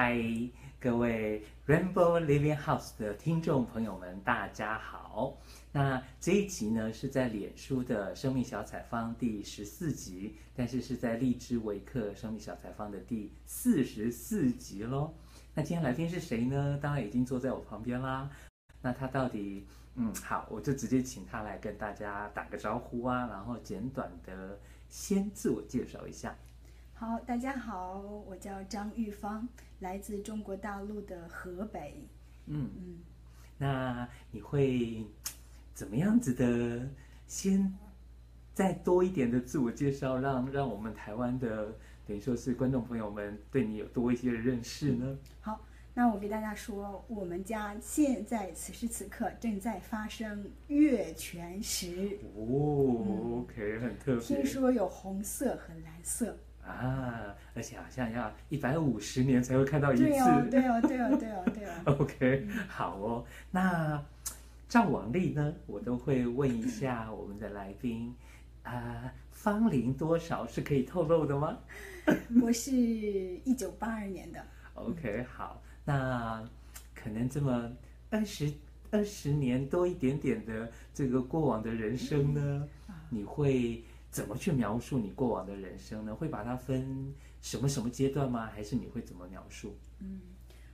嗨，Hi, 各位 Rainbow Living House 的聽眾朋友們，大家好。那這一集呢是在臉書的生命小採訪第十四集，但是是在荔枝微課生命小採訪的第四十四集嘍。那今天來賓是誰呢？當然已經坐在我旁邊啦。那他到底……嗯，好，我就直接請他來跟大家打個招呼啊，然後簡短的先自我介紹一下。好，大家好，我叫張玉芳。來自中國大陸的河北，嗯嗯，嗯，那你會怎麼樣子的？先再多一點的自我介紹，讓讓我們台灣的等於說是觀眾朋友們對你有多一些的認識呢？好，那我給大家說，我們家現在此時此刻正在發生月全食。哦，嗯，OK，很特別。聽說有紅色和藍色。啊，而且好像要一百五十年才會看到一次。對哦，對哦，對哦，對哦，對哦。 OK，、嗯、好哦。那照往例呢？我都會問一下我們的來賓，啊、嗯，芳齡、呃、多少是可以透露的嗎？ 我是一九八二年的。OK，好。那可能這麼二十二十年多一點點的這個過往的人生呢，嗯嗯啊、你會？怎麼去描述你過往的人生呢？會把它分什麼什麼階段嗎？還是你會怎麼描述？嗯，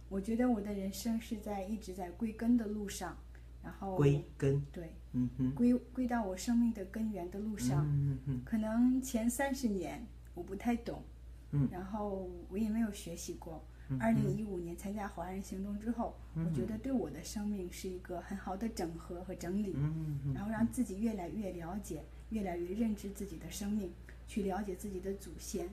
我覺得我的人生是在一直在歸根的路上，然後歸根，對，嗯嗯哼，歸歸到我生命的根源的路上。嗯嗯，可能前三十年我不太懂，嗯，然後我也沒有學習過。嗯哼。二零一五年參加華人行動之後，嗯哼，我覺得對我的生命是一個很好的整合和整理。嗯。嗯然後讓自己越來越了解。越來越認知自己的生命，去了解自己的祖先，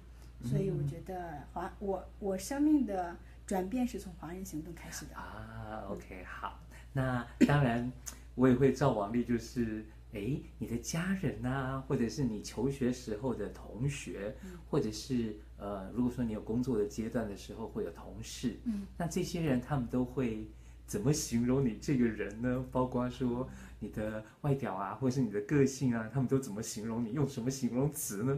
所以我覺得華、嗯、我我生命的轉變是從華人行動開始的啊。OK，好，那當然我也會照往例，就是哎， 你的家人啊，或者是你求學時候的同學，嗯、或者是呃，如果說你有工作的階段的時候會有同事，嗯，那這些人他們都會。怎麼形容你這個人呢？包括說你的外表啊，或者是你的個性啊，他們都怎麼形容你？用什麼形容詞呢？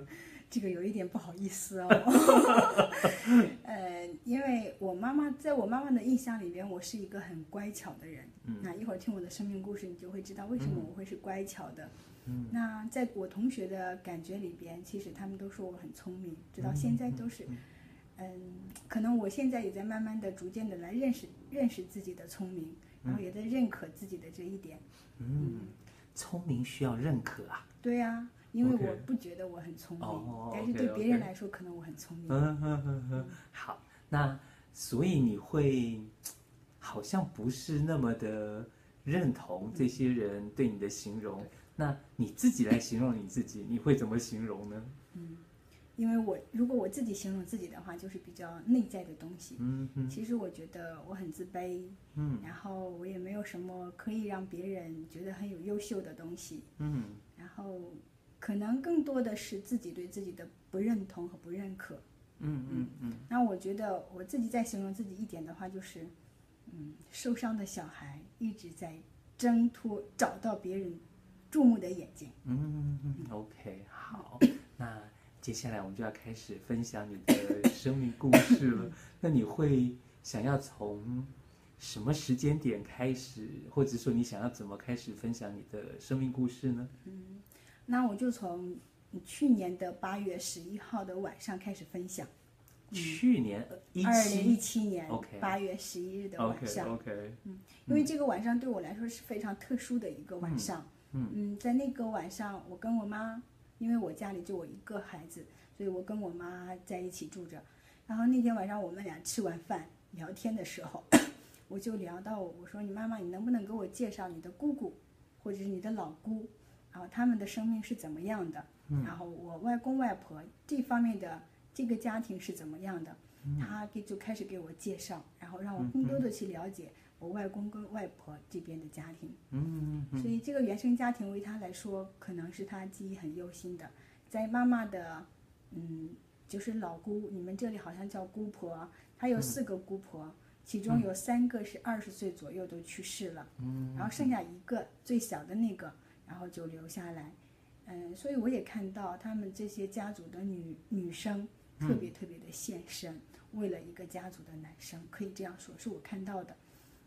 這個有一點不好意思哦。 呃，因為我媽媽在我媽媽的印象裡邊，我是一個很乖巧的人。嗯。那一會兒聽我的生命故事，你就會知道為什麼我會是乖巧的。嗯。那在我同學的感覺裡邊，其實他們都說我很聰明，直到現在都是。嗯，可能我現在也在慢慢的、逐漸的來認識、認識自己的聰明，然後也在認可自己的這一點。嗯，聰明需要認可啊。對呀、啊，因為我不覺得我很聰明，Okay. Oh, okay, okay. 但是對別人來說，可能我很聰明。嗯嗯嗯嗯。好，那所以你會好像不是那麼的認同這些人對你的形容，嗯、那你自己來形容你自己， 你會怎麼形容呢？嗯。因為我如果我自己形容自己的話，就是比較內在的東西。嗯嗯。嗯，其實我覺得我很自卑。嗯。然後我也沒有什麼可以讓別人覺得很有優秀的東西。嗯。然後可能更多的是自己對自己的不認同和不認可。嗯嗯嗯，嗯。那我覺得我自己在形容自己一點的話，就是、嗯，受傷的小孩一直在掙脫，找到別人注目的眼睛。嗯，嗯，嗯，嗯，OK，好， 那。接下來我們就要開始分享你的生命故事了。 那你會想要從什麼時間點開始，或者說你想要怎麼開始分享你的生命故事呢？嗯，那我就從去年的八月十一號的晚上開始分享。嗯、去年二零一七年八月十一日的晚上。Okay. Okay. Okay. 嗯，因為這個晚上對我來說是非常特殊的一個晚上。嗯，嗯，在那個晚上，我跟我媽。因為我家裡就我一個孩子，所以我跟我媽在一起住着。然後那天晚上我們倆吃完飯聊天的時候，我就聊到我，我說：“你媽媽，你能不能給我介紹你的姑姑，或者是你的老姑？然後他們的生命是怎麼樣的？然後我外公外婆這方面的這個家庭是怎麼樣的？”他給就開始給我介紹，然後讓我更多的去了解。我外公跟外婆這邊的家庭，嗯，嗯嗯，所以這個原生家庭為他來說，可能是他記憶很憂心的。在媽媽的，嗯，就是老姑，你們這裡好像叫姑婆，她有四個姑婆，嗯、其中有三個是二十歲左右都去世了，嗯、然後剩下一個，嗯、最小的那個，然後就留下來，嗯，所以我也看到他們這些家族的女女生特別特別的獻身，嗯、為了一個家族的男生，可以這樣說，是我看到的。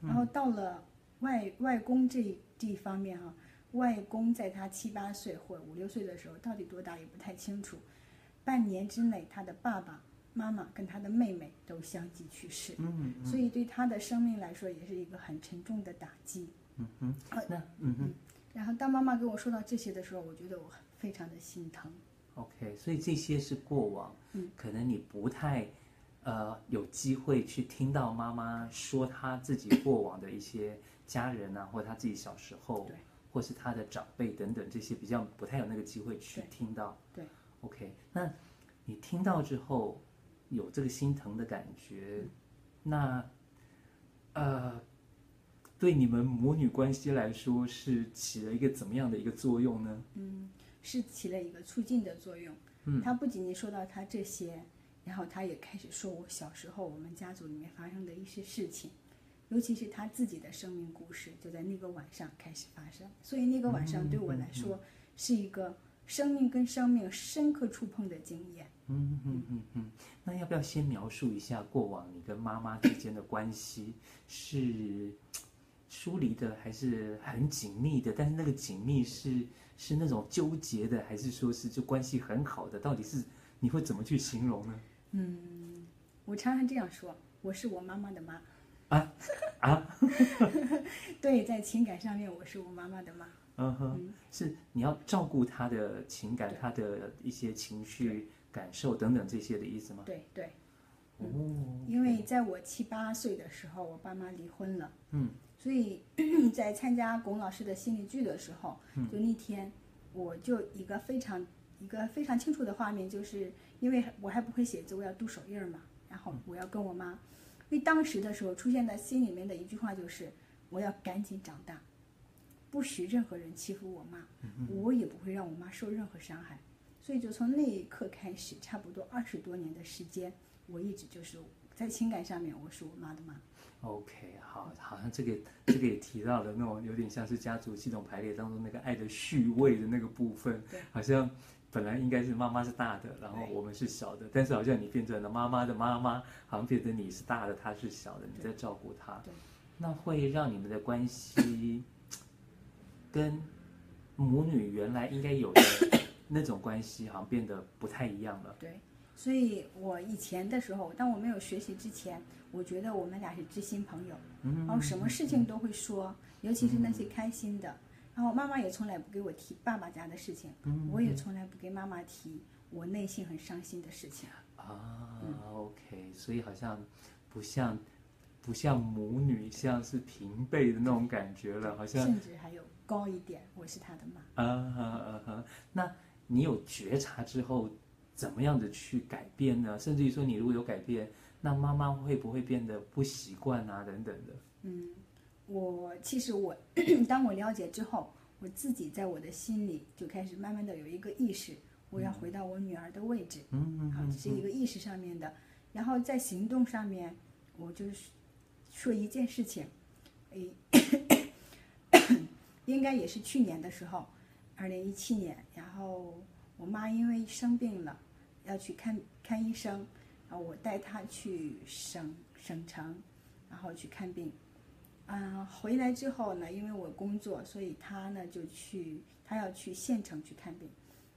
然後到了外外公這這方面哈、啊，外公在他七八歲或五六歲的時候，到底多大也不太清楚。半年之內，他的爸爸媽媽跟他的妹妹都相繼去世，嗯，嗯，嗯，所以對他的生命來說，也是一個很沉重的打擊。嗯哼，那嗯哼，然後當媽媽跟我說到這些的時候，我覺得我非常的心疼。OK，所以這些是過往，嗯，可能你不太。呃，有機會去聽到媽媽說她自己過往的一些家人啊， 或她自己小時候，對，或是她的長輩等等，這些比較不太有那個機會去聽到。對，對，OK，那你聽到之後有這個心疼的感覺，嗯，那呃，對你們母女關係來說，是起了一個怎麼樣的一個作用呢？嗯，是起了一個促進的作用。嗯，她不僅僅說到她這些。然後他也開始說，我小時候我們家族裡面發生的一些事情，尤其是他自己的生命故事，就在那個晚上開始發生。所以那個晚上對我來說，嗯嗯、是一個生命跟生命深刻觸碰的經驗。嗯嗯嗯嗯，那要不要先描述一下過往你跟媽媽之間的關係， 是疏離的，還是很緊密的？但是那個緊密是是那種糾結的，還是說是就關係很好的？到底是你會怎麼去形容呢？嗯，我常常這樣說，我是我媽媽的媽。啊啊，啊 對，在情感上面，我是我媽媽的媽。Uh huh. 嗯哼，是你要照顧她的情感，她對的一些情緒感受等等這些的意思嗎？對對，對嗯、Okay. 因為在我七八歲的時候，我爸媽離婚了。嗯，所以 在參加龔老師的心理劇的時候，嗯、就那天，我就一個非常。一個非常清楚的畫面，就是因為我還不會寫字，我要讀手印嘛，然後我要跟我媽。因為當時的時候，出現在心裡面的一句話就是，我要趕緊長大，不許任何人欺負我媽，我也不會讓我媽受任何傷害。所以就從那一刻開始，差不多二十多年的時間，我一直就是在情感上面我是我媽的媽。OK，好，好像這個這個也提到了那種有點像是家族系統排列當中那個愛的序位的那個部分，好像。本來應該是媽媽是大的，然後我們是小的，對但是好像你變成了媽媽的媽媽，好像變成你是大的，她是小的，對你在照顧她，對那會讓你們的關係跟母女原來應該有的 那種關係，好像變得不太一樣了。對，所以我以前的時候，當我沒有學習之前，我覺得我們倆是知心朋友，嗯、然後什麼事情都會說，嗯、尤其是那些開心的。嗯然後媽媽也從來不給我提爸爸家的事情，嗯、我也從來不給媽媽提我內心很傷心的事情。啊、嗯、OK，所以好像不像不像母女，像是平輩的那種感覺了，對好像甚至還有高一點，我是他的媽。啊啊啊啊！Uh-huh, uh-huh. 那你有覺察之後，怎麼樣子去改變呢？甚至於說你如果有改變，那媽媽會不會變得不習慣啊？等等的。嗯。我其實我咳咳，當我了解之後，我自己在我的心裡就開始慢慢的有一個意識，我要回到我女兒的位置。嗯嗯好，這是一個意識上面的，嗯嗯嗯、然後在行動上面，我就是說一件事情，哎，應該也是去年的時候，二零一七年，然後我媽因為生病了，要去看看醫生，然後我帶她去省省城，然後去看病。嗯，回來之後呢，因為我工作，所以他呢就去，他要去縣城去看病。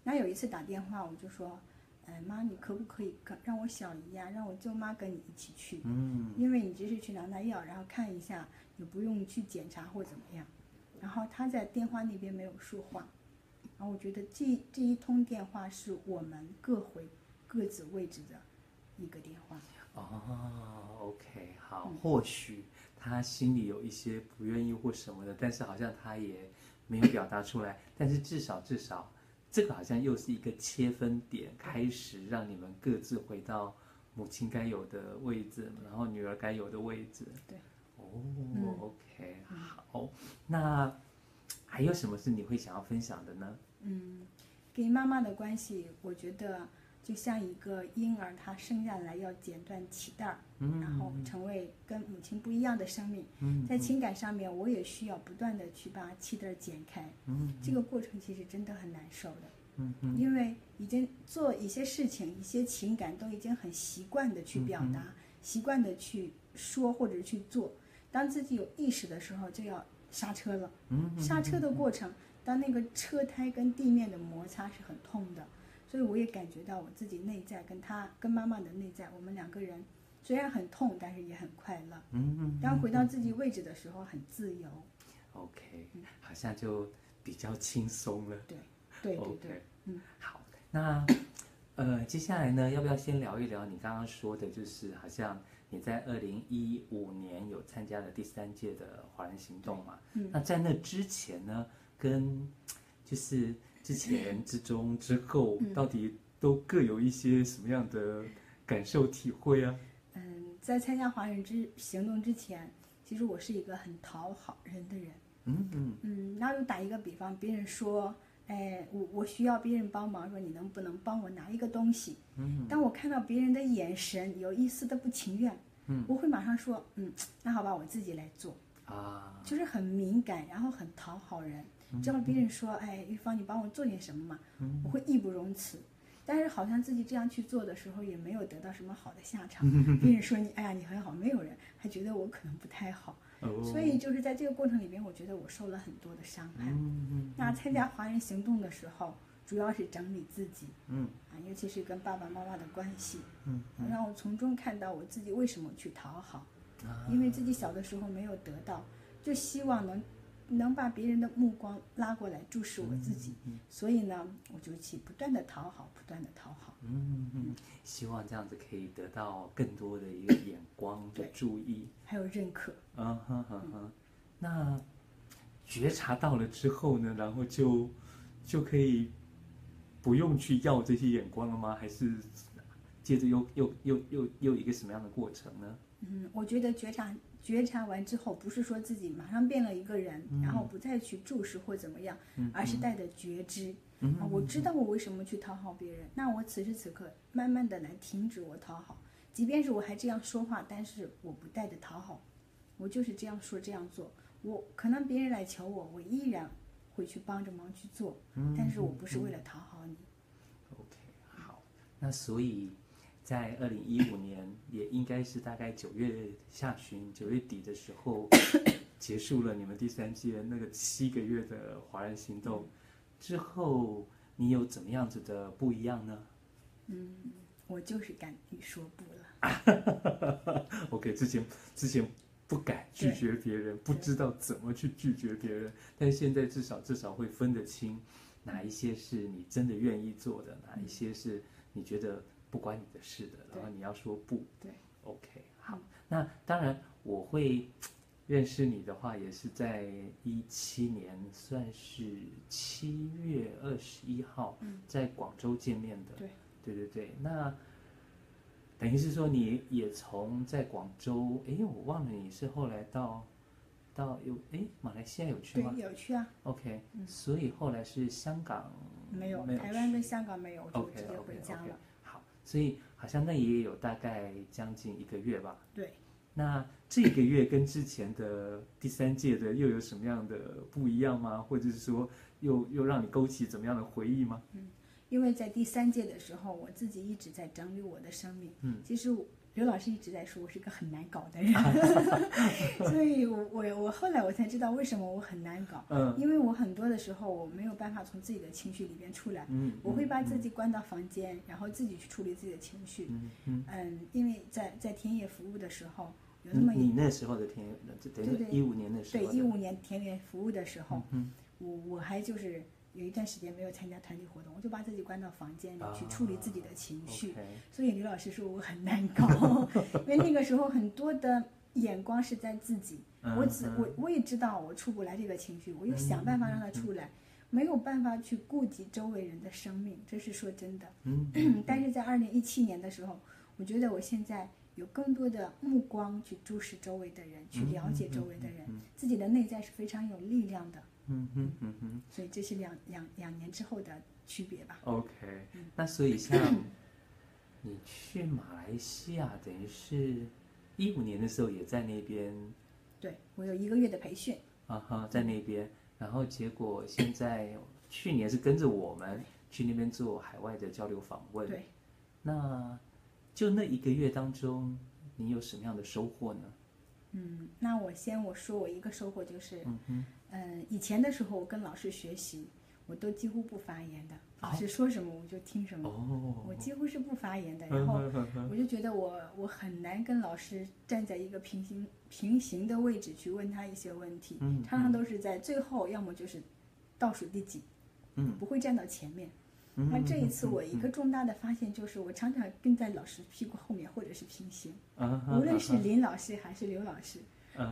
那有一次打電話，我就說，哎，媽，你可不可以跟，讓我小姨呀，讓我舅媽跟你一起去？嗯，因為你只是去拿拿藥，然後看一下，你不用去檢查或怎麼樣。然後他在電話那邊沒有說話。然後我覺得這這一通電話是我們各回各自位置的一個電話。哦，OK，好，或許、嗯。他心裡有一些不願意或什麼的，但是好像他也沒有表達出來。但是至少至少，這個好像又是一個切分點，開始讓你們各自回到母親該有的位置，然後女兒該有的位置。對，哦，OK，好。那還有什麼是你會想要分享的呢？嗯，跟媽媽的關係，我覺得。就像一個嬰兒，他生下來要剪斷臍帶兒，然後成為跟母親不一樣的生命。在情感上面，我也需要不斷的去把臍帶剪開。這個過程其實真的很難受的，因為已經做一些事情、一些情感都已經很習慣的去表達、習慣的去說或者去做。當自己有意識的時候，就要剎車了。剎車的過程，當那個車胎跟地面的摩擦是很痛的。所以我也感覺到我自己內在跟他、跟媽媽的內在，我們兩個人雖然很痛，但是也很快樂。嗯嗯，嗯嗯。當回到自己位置的時候，很自由。OK，嗯，好像就比較輕鬆了。對對對對，Okay，嗯，好。那呃，接下來呢，要不要先聊一聊你剛剛說的，就是好像你在二零一五年有參加了第三屆的華人行動嘛？嗯。那在那之前呢，跟就是。之前、之中、之後，到底都各有一些什麼樣的感受體會啊？嗯，在參加華人之行動之前，其實我是一個很討好人的人。嗯嗯嗯，那我就打一個比方，別人說，哎，我我需要別人幫忙，說你能不能幫我拿一個東西？嗯，當我看到別人的眼神有一絲的不情願，嗯，我會馬上說，嗯，那好吧，我自己來做。啊，就是很敏感，然後很討好人。只要別人說，哎，玉芳，你幫我做點什麼嘛，我會義不容辭。但是好像自己這樣去做的時候，也沒有得到什麼好的下場。別人說你，哎呀，你很好，沒有人，還覺得我可能不太好。所以就是在這個過程裡面，我覺得我受了很多的傷害。那參加華人行動的時候，主要是整理自己，尤其是跟爸爸媽媽的關係，讓我從中看到我自己為什麼去討好，因為自己小的時候沒有得到，就希望能。能把別人的目光拉過來注視我自己，嗯嗯嗯、所以呢，我就去不斷的討好，不斷的討好。嗯嗯，希望這樣子可以得到更多的一個眼光的注意，還有認可。嗯哼哼哼，那覺察到了之後呢，然後就就可以不用去要這些眼光了嗎？還是接着又又又又又一個什麼樣的過程呢？嗯，我覺得覺察。覺察完之後，不是說自己馬上變了一個人，嗯、然後不再去注視或怎麼樣，嗯、而是帶着覺知。啊，我知道我為什麼去討好別人，嗯、那我此時此刻慢慢的來停止我討好，即便是我還這樣說話，但是我不帶着討好，我就是這樣說這樣做。我可能別人來求我，我依然會去幫着忙去做，嗯、但是我不是為了討好你。嗯、OK，好，那所以。在二零一五年，也應該是大概九月下旬、九月底的時候， 結束了你們第三屆那個七個月的華人行動，之後你有怎麼樣子的不一樣呢？嗯，我就是敢於說不了。 OK，之前之前不敢拒絕別人，不知道怎麼去拒絕別人，但現在至少至少會分得清，哪一些是你真的願意做的，哪一些是你覺得。不關你的事的。對然後你要說不，對，OK、嗯、好，那當然我會認識你的話，也是在一七年，算是七月二十一號，在廣州見面的，嗯、對，對對對，那等於是說你也從在廣州，哎，我忘了你是後來到到有哎馬來西亞有去嗎？有去啊，OK、嗯、所以後來是香港沒有，沒有，台灣跟香港沒有，我就直接回家了。Okay, okay, okay. 所以好像那也有大概將近一個月吧。對，那這個月跟之前的第三屆的又有什麼樣的不一樣嗎？或者是說又，又又讓你勾起怎麼樣的回憶嗎？嗯，因為在第三屆的時候，我自己一直在整理我的生命。嗯，其實我劉老師一直在說，我是一個很難搞的人，哎呀， 所以我，我我我後來我才知道為什麼我很難搞，嗯、因為我很多的時候我沒有辦法從自己的情緒裡邊出來，嗯嗯、我會把自己關到房間，嗯嗯、然後自己去處理自己的情緒，嗯，嗯，嗯因為在在田野服務的時候，有那麼有、嗯、你那時候的田野，一五對年的時候的，對一五年田野服務的時候，嗯嗯、我我還就是。有一段時間沒有參加團體活動，我就把自己關到房間裡去處理自己的情緒。Uh, okay. 所以劉老師說我很難搞， 因為那個時候很多的眼光是在自己。Uh huh. 我只我我也知道我出不來這個情緒，我又想辦法讓它出來，uh huh. 沒有辦法去顧及周圍人的生命，這是說真的。嗯、uh huh. 但是在二零一七年的時候，我覺得我現在有更多的目光去注視周圍的人，去了解周圍的人，uh huh. 自己的內在是非常有力量的。嗯哼嗯哼，嗯哼所以這是兩兩兩年之後的區別吧？OK，那所以像你去馬來西亞，等於是一五年的時候也在那邊，對，我有一個月的培訓啊哈，在那邊，然後結果現在去年是跟着我們去那邊做海外的交流訪問。對，那就那一個月當中，你有什麼樣的收穫呢？嗯，那我先我說我一個收穫就是嗯哼。嗯，以前的時候我跟老師學習，我都幾乎不發言的，老師、哦、說什麼我就聽什麼，哦、我幾乎是不發言的。然後我就覺得我我很難跟老師站在一個平行平行的位置去問他一些問題，嗯、常常都是在最後，要麼就是倒數第幾，嗯、不會站到前面。那、嗯、這一次我一個重大的發現就是，我常常跟在老師屁股後面或者是平行，嗯嗯嗯、無論是林老師還是劉老師。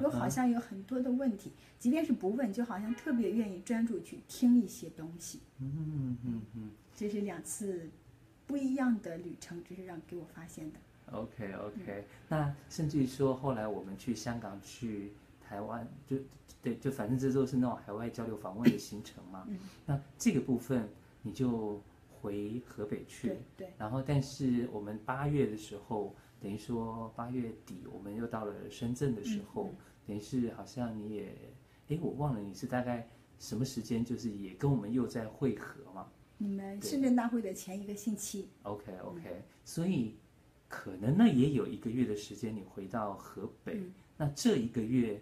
有、嗯、好像有很多的問題，即便是不問，就好像特別願意專注去聽一些東西。嗯嗯嗯嗯，這、嗯嗯嗯、是兩次不一樣的旅程，這、就是讓給我發現的。OK OK，、嗯、那甚至於說後來我們去香港、去台灣，就對，就反正這都是那種海外交流訪問的行程嘛。嗯、那這個部分你就回河北去，對，對然後但是我們八月的時候。等於說八月底我們又到了深圳的時候，嗯、等於是好像你也，誒，我忘了你是大概什麼時間，就是也跟我們又在匯合嘛。你們深圳大會的前一個星期。OK OK。嗯、所以可能呢也有一個月的時間你回到河北，嗯、那這一個月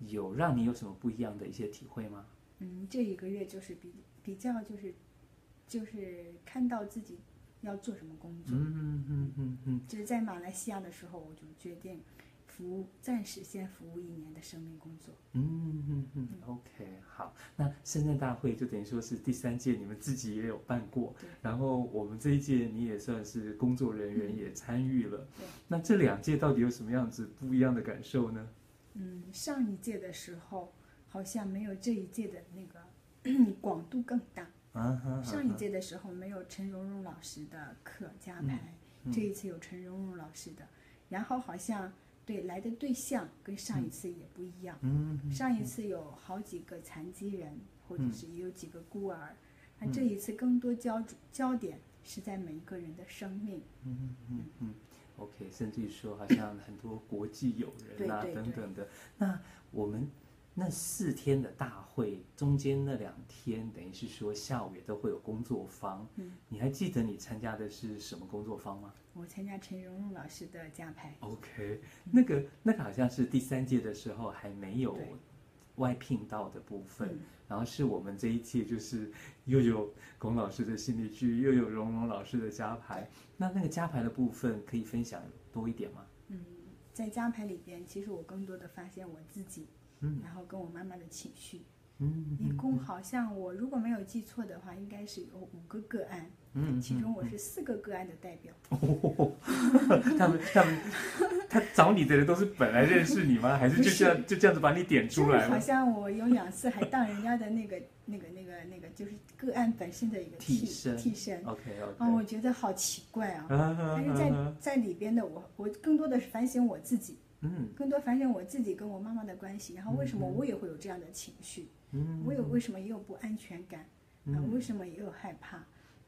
有讓你有什麼不一樣的一些體會嗎？嗯，這一個月就是比比較就是就是看到自己，要做什麼工作？嗯嗯嗯嗯嗯，嗯嗯嗯就是在馬來西亞的時候，我就決定服務，暫時先服務一年的生命工作。嗯嗯嗯，嗯，OK，好，那深圳大會就等於說是第三屆，你們自己也有辦過，對。然後我們這一屆你也算是工作人員也參與了，對。那這兩屆到底有什麼樣子不一樣的感受呢？嗯，上一屆的時候好像沒有這一屆的那個 廣度更大。上一屆的時候沒有陳蓉蓉老師的課加排，嗯嗯、這一次有陳蓉蓉老師的，然後好像對來的對象跟上一次也不一樣。嗯，嗯嗯上一次有好幾個殘疾人，嗯、或者是也有幾個孤兒，那、嗯、這一次更多焦焦點是在每一個人的生命。嗯嗯嗯嗯，OK，甚至於說好像很多國際友人啊 對對對對等等的，那我們。那四天的大會中間那兩天，等於是說下午也都會有工作坊。嗯，你還記得你參加的是什麼工作坊嗎？我參加陳蓉蓉老師的家排。OK，、嗯、那個那個好像是第三屆的時候還沒有外聘到的部分，對然後是我們這一屆就是又有龔老師的心理劇，又有蓉蓉老師的家排。那那個家排的部分可以分享多一點嗎？嗯，在家排裡邊，其實我更多的發現我自己。然後跟我媽媽的情緒，嗯，一共好像我如果沒有記錯的話，應該是有五個個案，嗯，其中我是四個個案的代表。他們他們他找你的人都是本來認識你嗎？還是就這樣就這樣子把你點出來了？好像我有兩次還當人家的那個那個那個那個就是個案本身的一個替身替身。OK OK。我覺得好奇怪啊，但是在在裡邊的我我更多的是反省我自己。嗯，更多反省我自己跟我媽媽的關係，然後為什麼我也會有這樣的情緒？嗯哼，我有為什麼也有不安全感？嗯哼，為什麼也有害怕？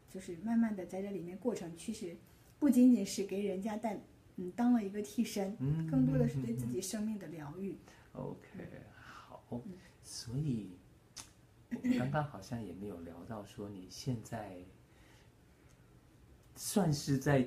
就是慢慢的在這裡面過程，其實不僅僅是給人家帶，嗯，當了一個替身，嗯哼，更多的是對自己生命的療癒。OK，、嗯、好，所以我剛剛好像也沒有聊到說你現在算是在你、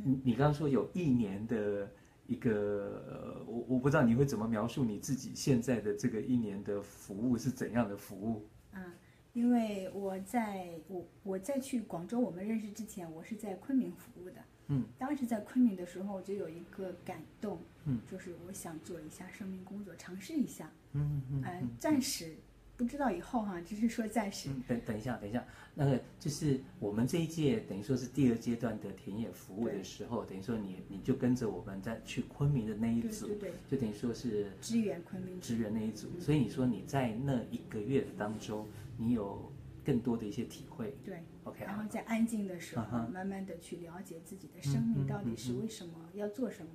嗯、哼你剛剛說有一年的。一個我我不知道你會怎麼描述你自己現在的這個一年的服務是怎樣的服務？嗯，因為我在我我在去廣州，我們認識之前，我是在昆明服務的。嗯，當時在昆明的時候，我就有一個感動，嗯，就是我想做一下生命工作，嘗試一下。嗯嗯嗯、呃，暫時。不知道以後哈，只是說暫時。等等一下，等一下，那個就是我們這一屆等於說是第二階段的田野服務的時候，等於說你你就跟着我們在去昆明的那一組，對對對。就等於說是支援昆明支援那一組。所以你說你在那一個月的當中，你有更多的一些體會。對，OK。然後在安靜的時候，慢慢的去了解自己的生命到底是為什麼要做什麼。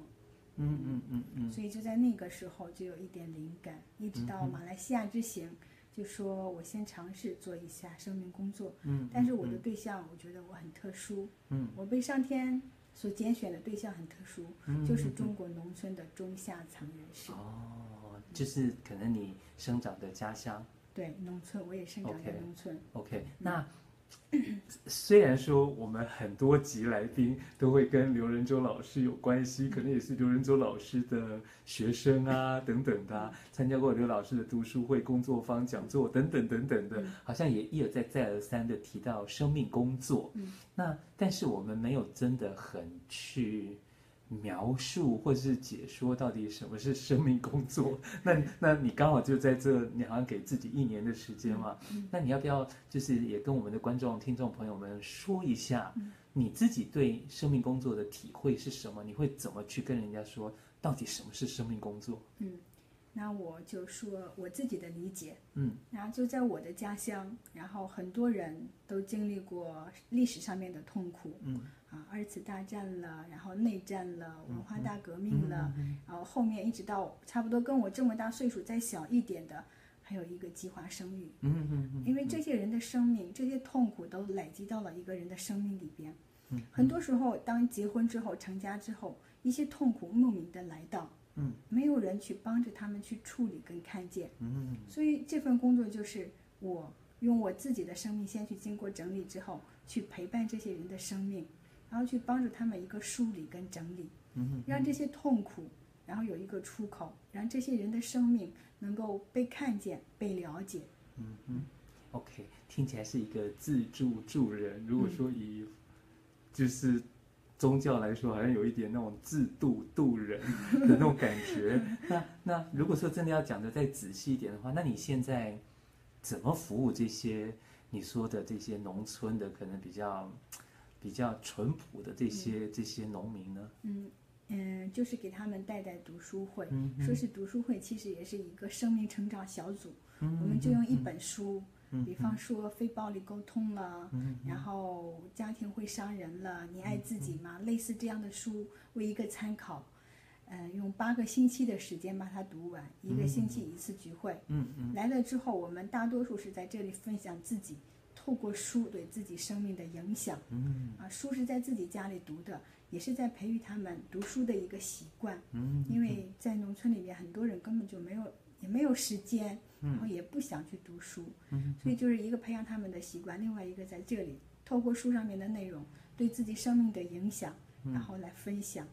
嗯嗯嗯嗯。所以就在那個時候就有一點靈感，一直到馬來西亞之行。就說，我先嘗試做一下生命工作。嗯，但是我的對象，嗯，我覺得我很特殊。嗯，我被上天所揀選的對象很特殊，嗯，就是中國農村的中下層人士。哦，嗯，就是可能你生長的家鄉？家鄉，對，農村，我也生長在農村。OK，okay，嗯，那。雖然說我們很多集來賓都會跟劉仁洲老師有關係，可能也是劉仁洲老師的學生啊，等等的，啊，參加過劉老師的讀書會、工作坊、講座等等等等的，嗯、好像也一而再、再而三地提到生命工作。嗯、那但是我們沒有真的很去，描述，或者是解說到底什麼是生命工作？那那你剛好就在這，你好像給自己一年的時間嘛。嗯嗯、那你要不要就是也跟我們的觀眾、聽眾朋友們說一下你自己對生命工作的體會是什麼？嗯、你會怎麼去跟人家說到底什麼是生命工作？嗯，那我就說我自己的理解。嗯，然後就在我的家鄉，然後很多人都經歷過歷史上面的痛苦。嗯。啊、二次大戰了，然後內戰了，文化大革命了，然後、啊、後面一直到差不多跟我這麼大歲數再小一點的，還有一個計劃生育。嗯嗯嗯。因為這些人的生命，這些痛苦都累積到了一個人的生命裡邊。很多時候，當結婚之後、成家之後，一些痛苦莫名的來到。嗯。沒有人去幫着他們去處理跟看見。嗯。所以這份工作就是我用我自己的生命先去經過整理之後，去陪伴這些人的生命。然後去幫助他們一個梳理跟整理，嗯哼，讓這些痛苦，然後有一個出口，讓這些人的生命能夠被看見、被了解。嗯哼，OK，聽起來是一個自助助人。如果說以、嗯、就是宗教來說，好像有一點那種自渡渡人的那種感覺。 那那如果說真的要講得再仔細一點的話，那你現在怎麼服務這些你說的這些農村的可能比較？比較淳樸的這些這些農民呢？嗯嗯，就是給他們帶帶讀書會，說是讀書會，其實也是一個生命成長小組。嗯，我們就用一本書，比方說《非暴力溝通》了，然後《家庭會傷人》了，《你愛自己嗎》類似這樣的書，為一個參考。嗯，用八個星期的時間把它讀完，一個星期一次聚會。嗯嗯，來了之後，我們大多數是在這裡分享自己。透過書對自己生命的影響，啊，書是在自己家裡讀的，也是在培育他們讀書的一個習慣。嗯，因為在農村裡面，很多人根本就沒有，也沒有時間，然後也不想去讀書。嗯，所以就是一個培養他們的習慣，另外一個在這裡透過書上面的內容對自己生命的影響，然後來分享，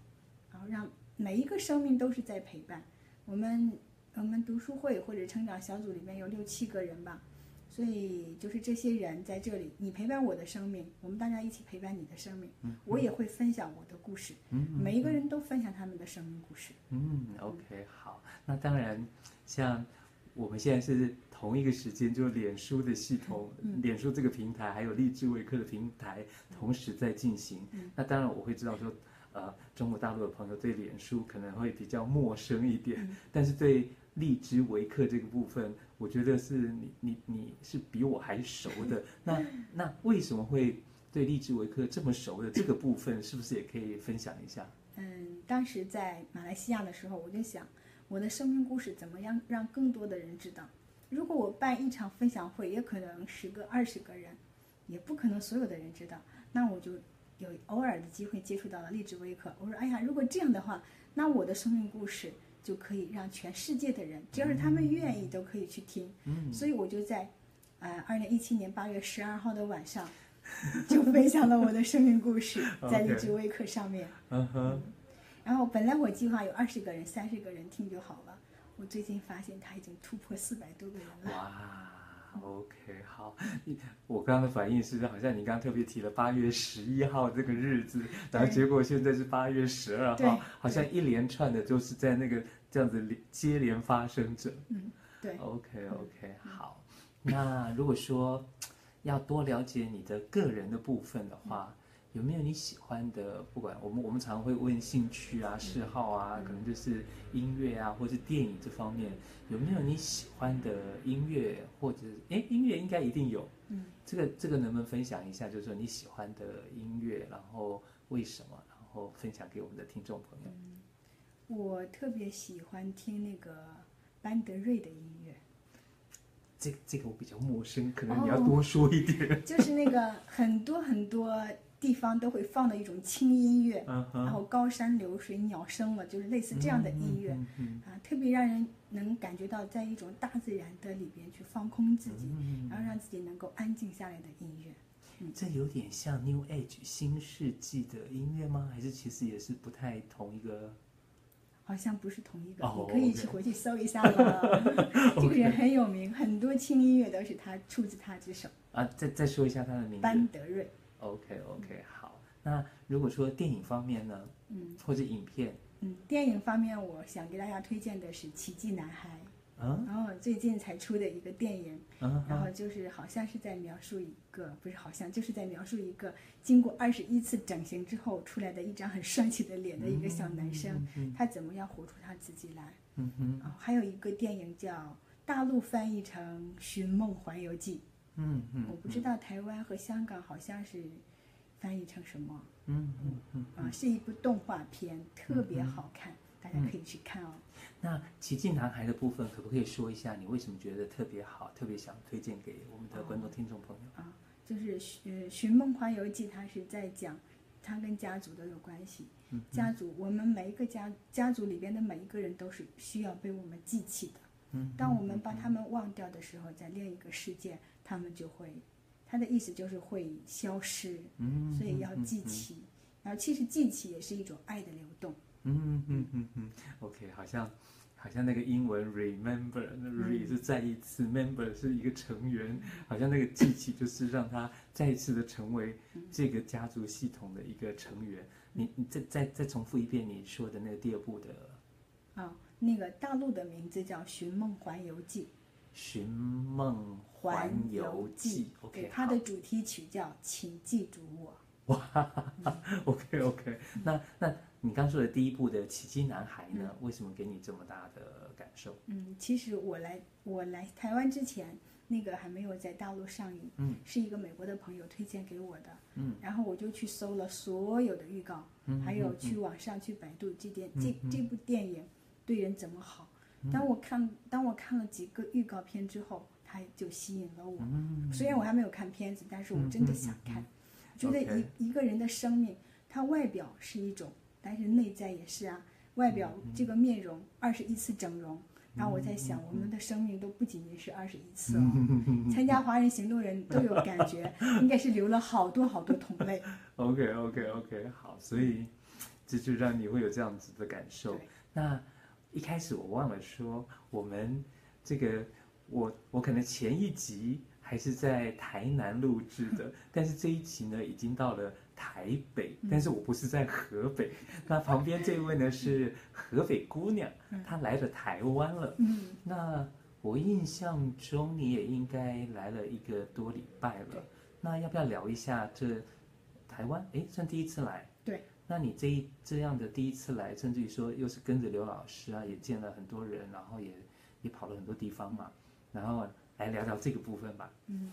然後讓每一個生命都是在陪伴我們。我們讀書會或者成長小組裡面有六七個人吧。所以就是這些人在這裡，你陪伴我的生命，我們大家一起陪伴你的生命。嗯，我也會分享我的故事。嗯，嗯嗯，每一個人都分享他們的生命故事。嗯，OK，嗯好。那當然，像我們現在是同一個時間，就臉書的系統，嗯、臉書這個平台，還有荔枝微課的平台同時在進行。嗯、那當然我會知道說，呃，中國大陸的朋友對臉書可能會比較陌生一點，嗯、但是對荔枝微課這個部分。我覺得是你你你是比我還熟的，那那為什麼會對荔枝微課這麼熟的這個部分，是不是也可以分享一下？嗯，當時在馬來西亞的時候，我就想我的生命故事怎麼樣讓更多的人知道。如果我辦一場分享會，也可能十個二十個人，也不可能所有的人知道，那我就有偶爾的機會接觸到了荔枝微課。我說，哎呀，如果這樣的話，那我的生命故事。就可以讓全世界的人，只要是他們願意，嗯、都可以去聽。嗯、所以我就在，呃，二零一七年八月十二號的晚上，嗯、就分享了我的生命故事， 在荔枝微課上面。Okay. Uh huh. 嗯哼。然後本來我計劃有二十個人，三十個人聽就好了，我最近發現他已經突破四百多個人了。哇。Wow. O.K. 好，我剛剛的反應是好像你剛剛特別提了八月十一號這個日子，對然後結果現在是八月十二號，好像一連串的就是在那個這樣子連接連發生着。嗯，對。O.K. O.K. 好，嗯、那如果說要多了解你的個人的部分的話。嗯有沒有你喜歡的？不管我們，我們常會問興趣啊、嗜好啊，嗯、可能就是音樂啊，或者是電影這方面，有沒有你喜歡的音樂？或者是誒，音樂應該一定有。嗯，這個這個能不能分享一下？就是說你喜歡的音樂，然後為什麼？然後分享給我們的聽眾朋友。嗯、我特別喜歡聽那個班德瑞的音樂。這個、這個我比較陌生，可能你要多說一點。哦、就是那個很多很多。地方都會放的一種輕音樂，Uh-huh. 然後高山流水、鳥聲嘛，就是類似這樣的音樂、嗯嗯嗯、啊，特別讓人能感覺到在一種大自然的裡邊去放空自己，嗯、然後讓自己能夠安靜下來的音樂。這有點像 New Age 新世紀的音樂嗎？還是其實也是不太同一個？好像不是同一個，oh, okay. 你可以去回去搜一下嗎？這個 Okay. 人很有名，很多輕音樂都是他出自他之手啊。Uh, 再再說一下他的名字：班德瑞。OK，OK，okay, okay, 好。那如果說電影方面呢？嗯，或者影片。嗯，電影方面，我想給大家推薦的是《奇蹟男孩》啊，嗯、然後最近才出的一個電影，嗯、然後就是好像是在描述一個，嗯、不是好像就是在描述一個經過二十一次整形之後出來的一張很帥氣的臉的一個小男生，嗯嗯、他怎麼樣活出他自己來？嗯哼。還有一個電影叫《大陸翻譯成尋夢環遊記》。嗯嗯，嗯，我不知道台灣和香港好像是翻譯成什麼、啊嗯？嗯嗯嗯啊，是一部動畫片，嗯、特別好看，嗯、大家可以去看哦。那奇蹟男孩的部分，可不可以說一下你為什麼覺得特別好，特別想推薦給我們的觀眾聽眾朋友、哦、啊？就是《尋尋夢環遊記》，它是在講，它跟家族都有關係。嗯，家族，我們每一個家家族裡邊的每一個人都是需要被我們記起的。嗯，當我們把他們忘掉的時候，在另一個世界，他們就會，他的意思就是會消失，嗯哼哼哼，所以要記起，嗯、哼哼然後其實記起也是一種愛的流動，嗯嗯嗯嗯，OK，好像，好像那個英文 remember，re 是再一次、嗯、member 是一個成員，好像那個記起就是讓他再一次的成為這個家族系統的一個成員。嗯、你你再再再重複一遍你說的那個第二部的，啊、哦，那個大陸的名字叫《尋夢環遊記》，尋夢。環遊記，OK，它的主題曲叫《請記住我》。哇哈哈，OK OK，那那你剛說的第一部的《奇蹟男孩》呢？為什麼給你這麼大的感受？嗯，其實我來我來台灣之前，那個還沒有在大陸上映，嗯，是一個美國的朋友推薦給我的，嗯，然後我就去搜了所有的預告，還有去網上去百度這點這這部電影對人怎麼好？當我看當我看了幾個預告片之後。他就吸引了我，雖然我還沒有看片子，但是我真的想看，嗯嗯嗯、覺得一一個人的生命，Okay. 它外表是一種，但是內在也是啊，外表這個面容，嗯、二十一次整容，然後、嗯、我在想，嗯、我們的生命都不僅僅是二十一次了，哦，嗯、參加華人行動人都有感覺，應該是留了好多好多同類。 OK OK OK，好，所以這就讓你會有這樣子的感受。對那一開始我忘了說，我們這個。我我可能前一集還是在台南錄製的，嗯、但是這一集呢已經到了台北，嗯、但是我不是在河北。嗯、那旁邊這位呢、嗯、是河北姑娘，嗯、她來了台灣了。嗯，那我印象中你也應該來了一個多禮拜了。對那要不要聊一下這台灣？哎，算第一次來。對。那你這一這樣的第一次來，甚至於說又是跟着劉老師啊，也見了很多人，然後也也跑了很多地方嘛。嗯然後來聊聊這個部分吧。嗯，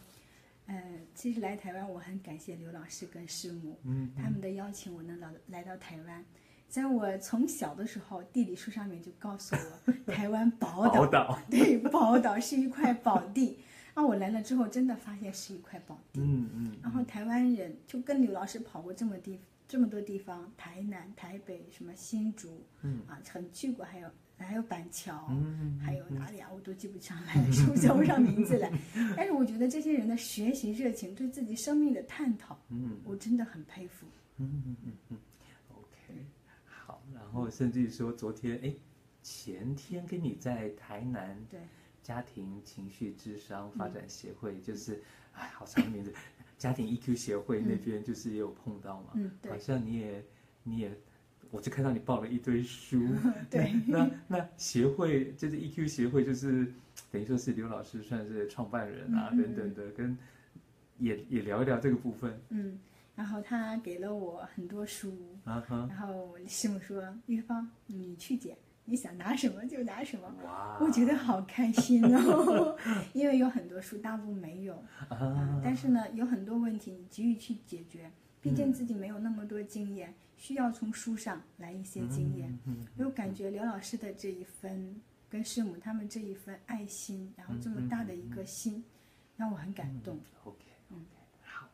呃，其實來台灣我很感謝劉老師跟師母，嗯，嗯，他們的邀請我能來來到台灣。在我從小的時候，地理書上面就告訴我，台灣寶島， 寶島，對，寶島是一塊寶地。啊， 我來了之後，真的發現是一塊寶地。嗯嗯。嗯，然後台灣人就跟劉老師跑過這麼地這麼多地方，台南、台北，什麼新竹，嗯，啊，曾去過還有。還有板橋，嗯、還有哪裡啊？嗯、我都記不上來，說不上名字來。嗯、但是我覺得這些人的學習熱情，嗯、對自己生命的探討，嗯，我真的很佩服。嗯嗯嗯嗯，OK，好。然後甚至於說，昨天哎，前天跟你在台南家庭情緒智商發展協會，就是、嗯、哎好長的名字， 家庭 EQ 協會那邊就是也有碰到嘛。嗯，嗯，對。好像你也你也。我就看到你抱了一堆書，嗯、對，那那協會就是 EQ 協會，就是、e 就是、等於說是劉老師算是創辦人啊，嗯、等等的，跟、嗯、也也聊一聊這個部分。嗯，然後他給了我很多書，嗯、然後我師母說：“玉、嗯、芳，你去撿，你想拿什麼就拿什麼。”哇，我覺得好開心哦， 因為有很多書大陸沒有、啊嗯，但是呢，有很多問題你急於去解決。畢竟自己沒有那麼多經驗，嗯、需要從書上來一些經驗。嗯，嗯嗯我感覺劉老師的這一份跟師母他們這一份愛心，嗯嗯、然後這麼大的一個心，嗯、讓我很感動。OK，嗯，okay, okay. 嗯好，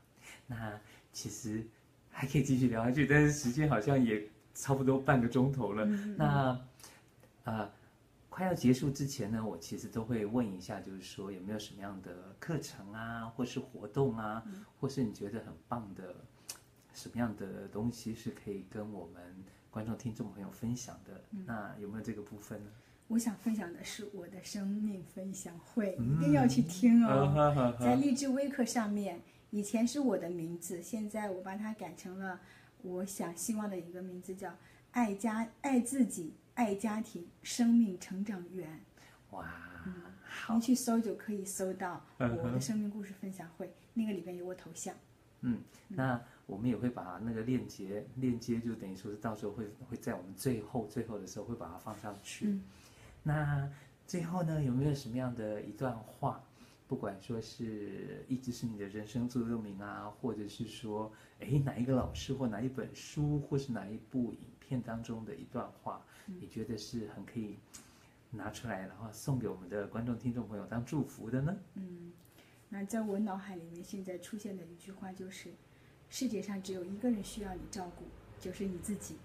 那其實還可以繼續聊下去，但是時間好像也差不多半個鐘頭了。嗯、那啊、呃，快要結束之前呢，我其實都會問一下，就是說有沒有什麼樣的課程啊，或是活動啊，嗯、或是你覺得很棒的。什麼樣的東西是可以跟我們觀眾、聽眾朋友分享的？嗯、那有沒有這個部分呢？我想分享的是我的生命分享會，嗯、一定要去聽哦。 在勵志微課上面，以前是我的名字，現在我把它改成了我想希望的一個名字，叫“愛家、愛自己、愛家庭、生命成長園”。哇，嗯、好，您去搜就可以搜到我的生命故事分享會， 那個裡邊有我頭像。嗯，嗯那。我們也會把那個鏈接鏈接，就等於說是到時候會會在我們最後最後的時候會把它放上去。嗯。那最後呢，有沒有什麼樣的一段話，不管說是一直是你的人生座右銘啊，或者是說，哎，哪一個老師或哪一本書，或是哪一部影片當中的一段話，嗯。你覺得是很可以拿出來，然後送給我們的觀眾聽眾朋友當祝福的呢？嗯，那在我腦海裡面現在出現的一句話就是，世界上只有一個人需要你照顧，就是你自己。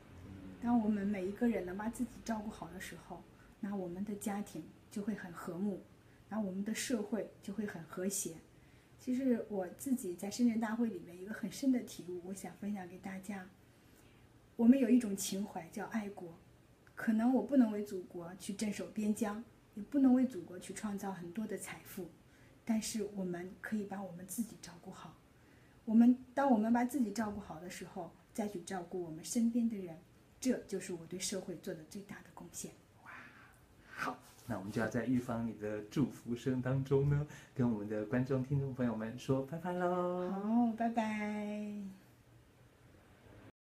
當我們每一個人能把自己照顧好的時候，那我們的家庭就會很和睦，那我們的社會就會很和諧。其實我自己在深圳大會裡面有一個很深的體悟，我想分享給大家。我們有一種情懷叫愛國，可能我不能為祖國去鎮守邊疆，也不能為祖國去創造很多的財富，但是我們可以把我們自己照顧好。我們當我們把自己照顧好的時候，再去照顧我們身邊的人，這就是我對社會做的最大的貢獻。哇，好，那我們就要在玉芳你的祝福聲當中呢，跟我們的觀眾、聽眾朋友們說拜拜嘍。好，拜拜。